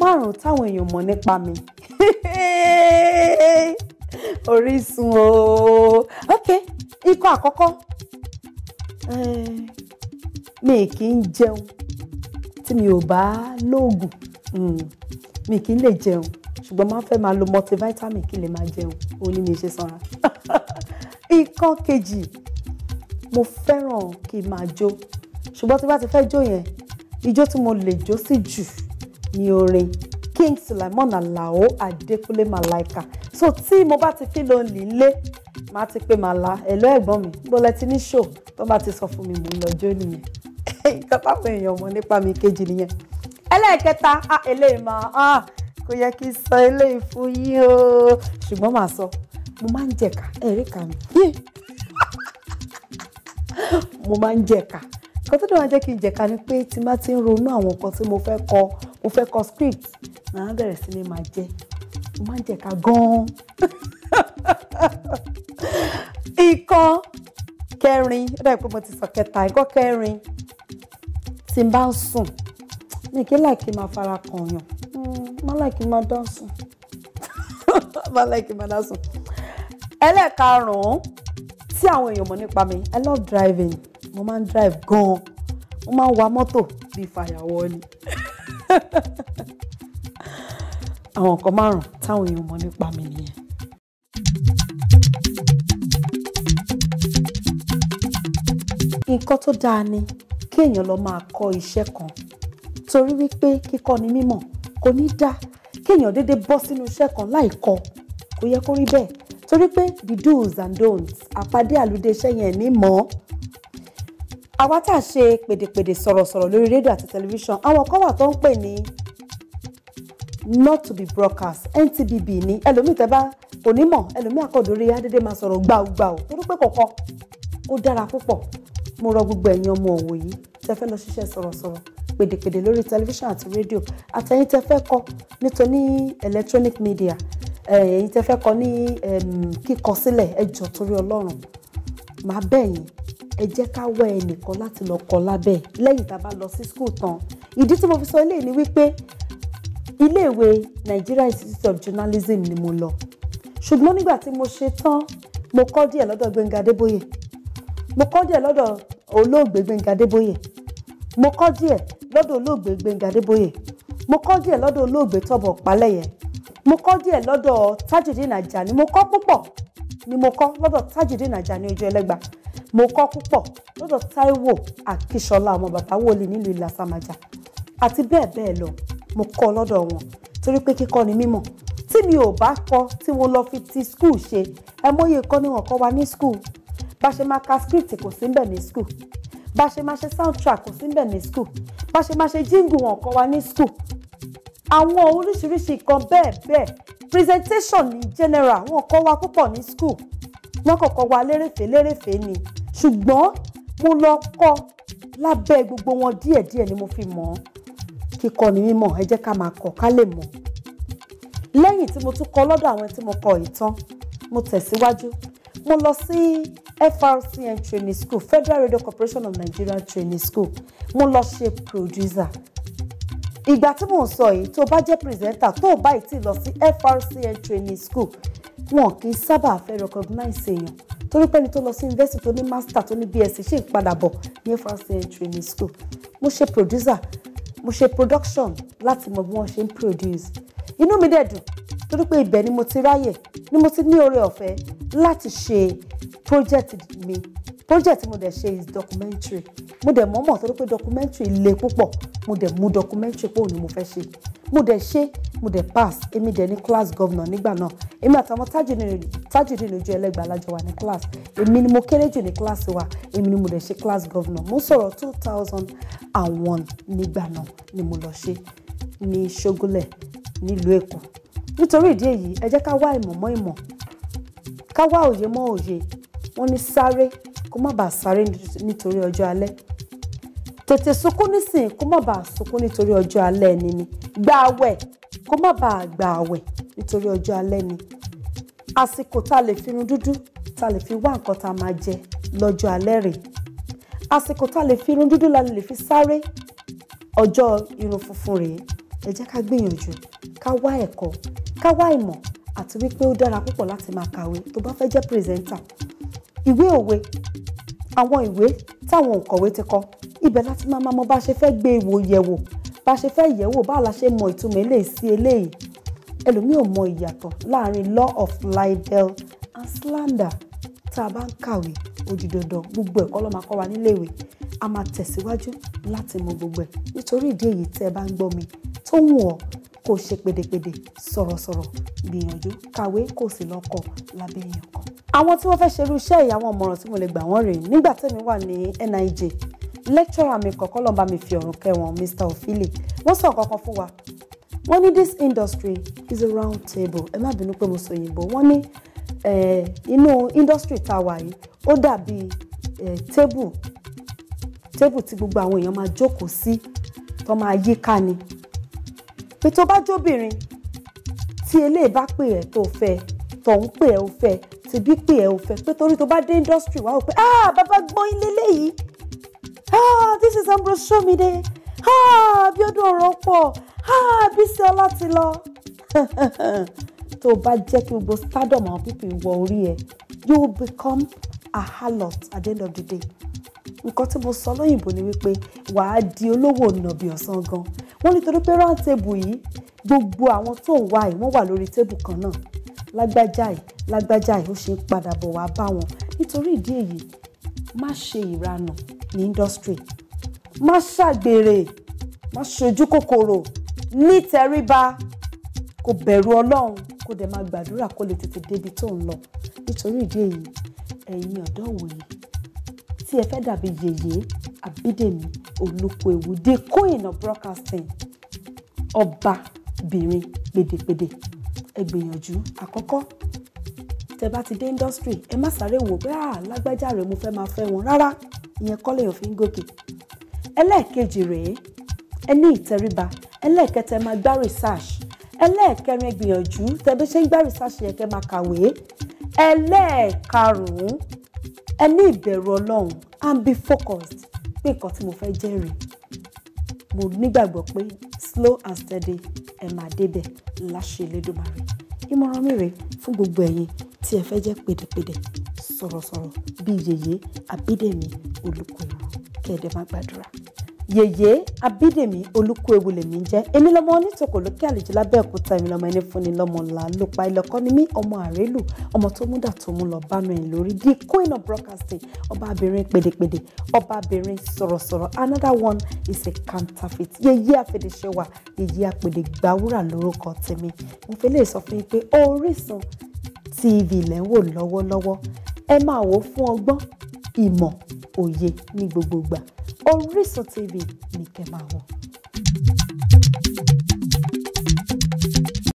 márùn-ún táwọn èèyàn mọ̀ nípa mi Orísun o ok ikọ̀ àkọ́kọ́ eh, mi kì í jẹun tí mi ò bá lóògùn hmm, mi kì í lè jẹun ṣùgbọ́n máa ń fẹ́ máa lo multivitamin kí lè máa jẹun òun ni mi ṣe sanra ikọ̀ kejì mo fẹ́ràn kí n máa jó ṣùgbọ́n tí bá ti fẹ́ jó yẹn ijó tí mo lè jó sí jù ní orin King Solomon Alao Adekunle Malaika so tí mo bá ti fi lonely nlé màá ti pé màlá ẹ̀lọ́ ẹ̀gbọ́n mi bó ti ní show tó bá ti sọ fún mi mò ń lọ́jọ́ nìyẹn nǹkan táwọn èèyàn mọ̀ nípa mi kejì nìyẹn ẹlẹ́ẹ̀kẹta a eléyìí máa kò yẹ kí n sọ eléyìí fún yín o ṣùgbọ́n màá sọ mo máa ń jẹ̀ka ẹ̀rí kà mí mo máa ń jẹ̀ka nǹkan tó dẹ̀ wá jẹ́ kí n jẹ̀ka ni pé tí má ti ń ronú àwọn nǹkan tí mo fẹ́ kọ́ mo fẹ́ kọ script màá bẹ̀rẹ̀ sí ni máa jẹ mo máa ń jẹ ká gan-an. ìkan kẹrin ó dàbí pé mo ti sọ kẹta ìkan kẹrin tí n bá ń sùn mi kí láìkí máa fara kàn yàn hmm, má láìkí máa dá sùn má láìkí máa dá sùn. ẹlẹ́ẹ̀karùn-ún tí àwọn èèyàn mọ̀ nípa mi I love driving mo máa ń drive gan-an mo máa ń wa mọ́tò bíi fàyàwọ́ ni. àwọn nǹkan márùn táwọn èèyàn mọ̀ nípa mi nìyẹn. nǹkan tó dáa ni kí èèyàn lọ máa kọ́ iṣẹ́ kan torí wípé kíkọ́ ni mímọ̀ kò ní dáa kí èèyàn dédé bọ́ sínú iṣẹ́ kan láì kọ́ kò yẹ kó rí bẹ́ẹ̀ torí pé the do's and don'ts àpàdé àlùdé iṣẹ́ yẹn ní mọ́ àwa tá a ṣe pèdèpèdè sọ̀rọ̀sọ̀rọ̀ lórí rédíò àti tẹlifíṣàn àwọn kan wà tó ń pè ní not to be broadcast NTBB ni ẹlòmíì tẹ́ bá onímọ̀ ẹlòmíì àkọ́dórí adédè máa sọ̀rọ̀ gbàùgbàù torí pé kọ̀kọ́ ó dára púpọ̀ mo rọ gbogbo ẹ̀yin ọmọ òwò yìí tẹ́ fẹ́ lọ ṣiṣẹ́ sọ̀rọ̀sọ̀rọ̀ pèdèpèdè lórí tẹlifíṣàn àti rédíò àtẹ̀yin tẹ́ fẹ́ kọ́ nítorí electronic media ẹ̀yin tẹ́ fẹ́ kọ́ ní kíkọ sílẹ̀ ẹjọ́ torí Ọlọ́run màá bẹ̀ yín ẹ jẹ́ ká wá ẹnìkan láti lọ kọ́ lábẹ́ lẹ́yìn tá a bá lọ sí school tán ìdí tí mo fi sọ eléyìí ni wípé iléèwé Nigeria Institute of Journalism ni mo lọ ṣùgbọ́n nígbà tí mo ṣe tán mo kọ́ díẹ̀ lọ́dọ̀ Gbẹ́ngà Adébóyè mo kọ́ díẹ̀ lọ́dọ̀ olóògbé Gbẹ́ngà Adébóyè mo kọ́ díẹ̀ lọ́dọ̀ olóògbé Gbẹ́ngà Adébóyè mo kọ́ díẹ̀ lọ́dọ̀ olóògbé Tọ́bọ̀ Páléyẹ mo kọ́ díẹ̀ lọ́dọ̀ Tajudeen Ajani mo kọ́ púpọ̀ ni mo kọ́ lọ́dọ̀ Tajudeen Ajani Ojú Ẹlẹ́gba mo kọ́ púpọ̀ lọ́dọ̀ Táíwò Akíṣọlá ọmọ Bàtàwọ́lì nílùú Ìlasàmájà àti bẹ́ẹ̀ bẹ́ẹ̀ lọ mo kọ́ lọ́dọ̀ wọn torí pé kíkọ́ ni mímọ̀ tí mi ò bá kọ́ tí mo lọ fi ti skul ṣe ẹ mọyì kọ́ ni kọ́ wa ní skul bá ṣe máa ka script kò sí níbẹ̀ ní skul bá ṣe máa ṣe soundtrack kò sí níbẹ̀ ní skul bá ṣe máa ṣe jingle wọn kọ́ wa ní skul àwọn oríṣiríṣi nǹkan bẹ́ẹ̀ bẹ́ẹ̀ presentation ní general wọn kọ́ wa púpọ̀ ní skul wọn kọ̀ọ̀kan wa lérèfé lérèfé ni ṣùgbọ́n mo lọ kọ́ lábẹ́ gbogbo wọn díẹ̀díẹ̀ ni mo fi mọ̀ ọ́ kíkọ́ ni mímọ̀ ẹ jẹ́ ká máa kọ́ ká lè mọ̀ lẹ́yìn tí mo tún kọ́ lọ́dọ̀ àwọn tí mo kọ́ ìtàn mo tẹ̀síwájú mo lọ sí FRCN training school Federal Radio Corporation of Nigeria training school mo lọ ṣe producer ìgbà tí mò ń sọ yìí tó bá jẹ́ presenter tó bá ì tí lọ sí FRCN training school wọn kì í sábà fẹ́ recognize èèyàn torí pé ẹni tó lọ sí university tó ní master tó ní bsc ṣì ń padà bọ̀ ní fcn training school mo ṣe producer mo ṣe production láti mọ bí wọ́n ṣe ń produce inú mi dẹ̀ dùn torí pé ibẹ̀ ni mo ti ráyè ni mo ti ní oore ọ̀fẹ́ láti ṣe project mi project mo dẹ̀ ṣe is documentary mo dẹ̀ mọ̀ọ́mọ̀ torí pé documentary le púpọ̀ mo dẹ̀ mú documentary pé òun ni mo fẹ́ ṣe mo dẹ̀ ṣe mo dẹ̀ pass èmi dẹ̀ ní class governor nígbà náà èmi àtàwọn Tajudeen Ojú Ẹlẹ́gbà alájọ wa ní class èmi ni mo kéré jù ní class wa èmi ni mo dẹ̀ ṣe class governor mo sọ̀rọ̀ two thousand and one nígbà náà ni mo lọ ṣe ní Ṣógúnlẹ̀ nílùú Èkó nítorí ìdí èyí ẹ jẹ́ ká wá ìmọ̀ mọ́ ìmọ̀ ká kó má bàa sáré nítorí ọjọ́ alẹ́ tètè sunkún nísìn kó má bàa sunkún nítorí ọjọ́ alẹ́ ẹni ni gba àwẹ̀ kó má bàa gba àwẹ̀ nítorí ọjọ́ alẹ́ ni àsìkò tá a lè fi irun dúdú tá a lè fi wá nǹkan tá a máa jẹ lọ́jọ́ alẹ́ rèé àsìkò tá a lè fi irun dúdú la lè fi sáré ọjọ́ irun funfun rèé ẹ jẹ́ ká gbìyànjú ká wá ẹ̀kọ́ ká wá ìmọ̀ àti wípé ó dára púpọ̀ láti máa kàwé tó bá fẹ́ jẹ́ pírẹsẹ́ńtà ìwé òwe àwọn ìwé táwọn òǹkọ̀wé ti kọ ibẹ̀ láti máa máa mọ bá ṣe fẹ́ gbé èwò yẹ̀wò bá ṣe fẹ́ yẹ̀wò bá la ṣe mọ ìtumọ̀ eléyìí sí eléyìí ẹlòmíì ò mọ ìyàtọ̀ láàrin law of libel and slander tá a bá ń kàwé ó di dandan gbogbo ẹ̀kọ́ ló máa kọ́ wa níléèwé a máa tẹ̀síwájú láti mọ gbogbo ẹ̀ nítorí ìdí èyí tẹ́ ẹ bá ń gbọ́ mi tó wù ọ́ kó ṣe pèdèpèdè sọ̀rọ̀sọ̀rọ̀ gbìyànjú kàwé kó sì lọ kọ́ lábẹ́ èèyàn kan. àwọn tí wọ́n fẹ́ ṣerú iṣẹ́ ìyàwó ọmọràn tí mo lè gbà wọ́n rèé nígbà tẹ́mi wà ní NIJ lecturer mi kọ̀ọ̀kan lọ́ba mi fi ọ̀rùn kẹwọn Mr. Ofili wọ́n sọ kankan fún wa wọ́n ní this industry is a round table ẹ má bínú pé mo sọ òyìnbó wọ́n ní inú industry tá a wà yìí ó dàbí table table tí gbogbo àwọn èèyàn máa jókòó sí tó máa yí ni pé tó bá jóbìnrin tí eléyìí bá pè ẹ́ tó fẹ́ tọ̀hún pè ẹ́ ó fẹ́ tìbí pè ẹ́ ó fẹ́ pé torí tó bá dé industry wàá wò pé ah bàbá gbọ́yìn lélẹ́yìí ah this is Ambrose Somide ah Abíọ́dún Ọ̀rànpọ̀ ah Bísọ́lá ti lọ tó bá jẹ́ kí gbogbo stardom àwọn pípì wọ orí ẹ̀ you will become a harlot at the end of the day nǹkan tí mo sọ lóyìnbó ni wípé wàá di olówó nàbì ọ̀sán gan wọ́n nítorí pé round table yìí gbogbo àwọn tó ń wá yìí wọ́n wà lórí table kan náà lágbájá yìí lágbájá yìí ó ṣe ń padà bọ̀ wá bá wọn nítorí ìdí èyí má ṣe ìranù ní industry má ṣàgbèrè má ṣojú kòkòrò nítẹríba kò bẹ̀rù ọlọ́run kó dẹ̀ máa gbàdúrà kó lè tètè débi tó ń lọ nítorí ìdí èyí ẹ̀yin ọ̀dọ́ wòye tí ẹ fẹ́ dàbí yèyé àbídèmí olúkúewu the queen of broadcasting ọba bìnrin gbèdégbèdé ẹ gbìyànjú àkọ́kọ́ tẹ bá ti dé industry ẹ má sáré wò pé à ah, lágbájá rẹ mo fẹ́ máa fẹ́ wọn rárá ìyẹn kọ́ lèèyàn fi ń gòkè ẹlẹ́ẹ̀kejì rèé ẹ ní ìtẹríba ẹlẹ́ẹ̀kẹta ẹ máa gbá research ẹlẹ́ẹ̀kẹrin ẹ gbìyànjú tẹ bí ṣe ń gbá research yẹn kẹ máa kàwé ẹlẹ́ẹ̀karùn-ún ẹ ní ìbẹ̀rù ọlọ́run and be focused pé nǹkan tí mo fẹ́ jẹ́rìí mo nígbàgbọ́ pé slow and steady ẹ máa débẹ̀ láṣẹ Elédùmarè ìmọ̀ràn mi rèé fún gbogbo ẹ̀yin tí ẹ fẹ́ jẹ́ pèdèpèdè sọ̀rọ̀sọ̀rọ̀ bíi yèyé àbídẹ̀mí olùkọ́ni kẹ́ẹ̀dẹ̀ má gbàdúrà yèyé abídèmí olúkúewu lèmi ń jẹ́ èmi lọmọ onítòkò lókè àlejò lábẹ́òkúta èmi lọmọ ẹni fúnni lọmọ ńlá ló pa ilẹ̀kọ́ ni mí ọmọ àrélù ọmọ tó mú dà tó mú lọ bá mi rìn lórí the queen of broadcasting ọbaabìnrin pèdèpèdè ọbaabìnrin sọ̀rọ̀sọ̀rọ̀ another one is a counterfeit yèyé àfẹ̀dẹ̀ṣẹwà yèyé àpèdè gbàwúrà lórúkọ tèmi mo fẹ́ lè sọ fún yín pé Orísun TV lẹ́ ń wò lọ́wọ́lọ́wọ́ ẹ máa wò fún ọgbọ́n ìmọ̀ òye ní gbogbo Orísun TV ní kẹ́ máa wò.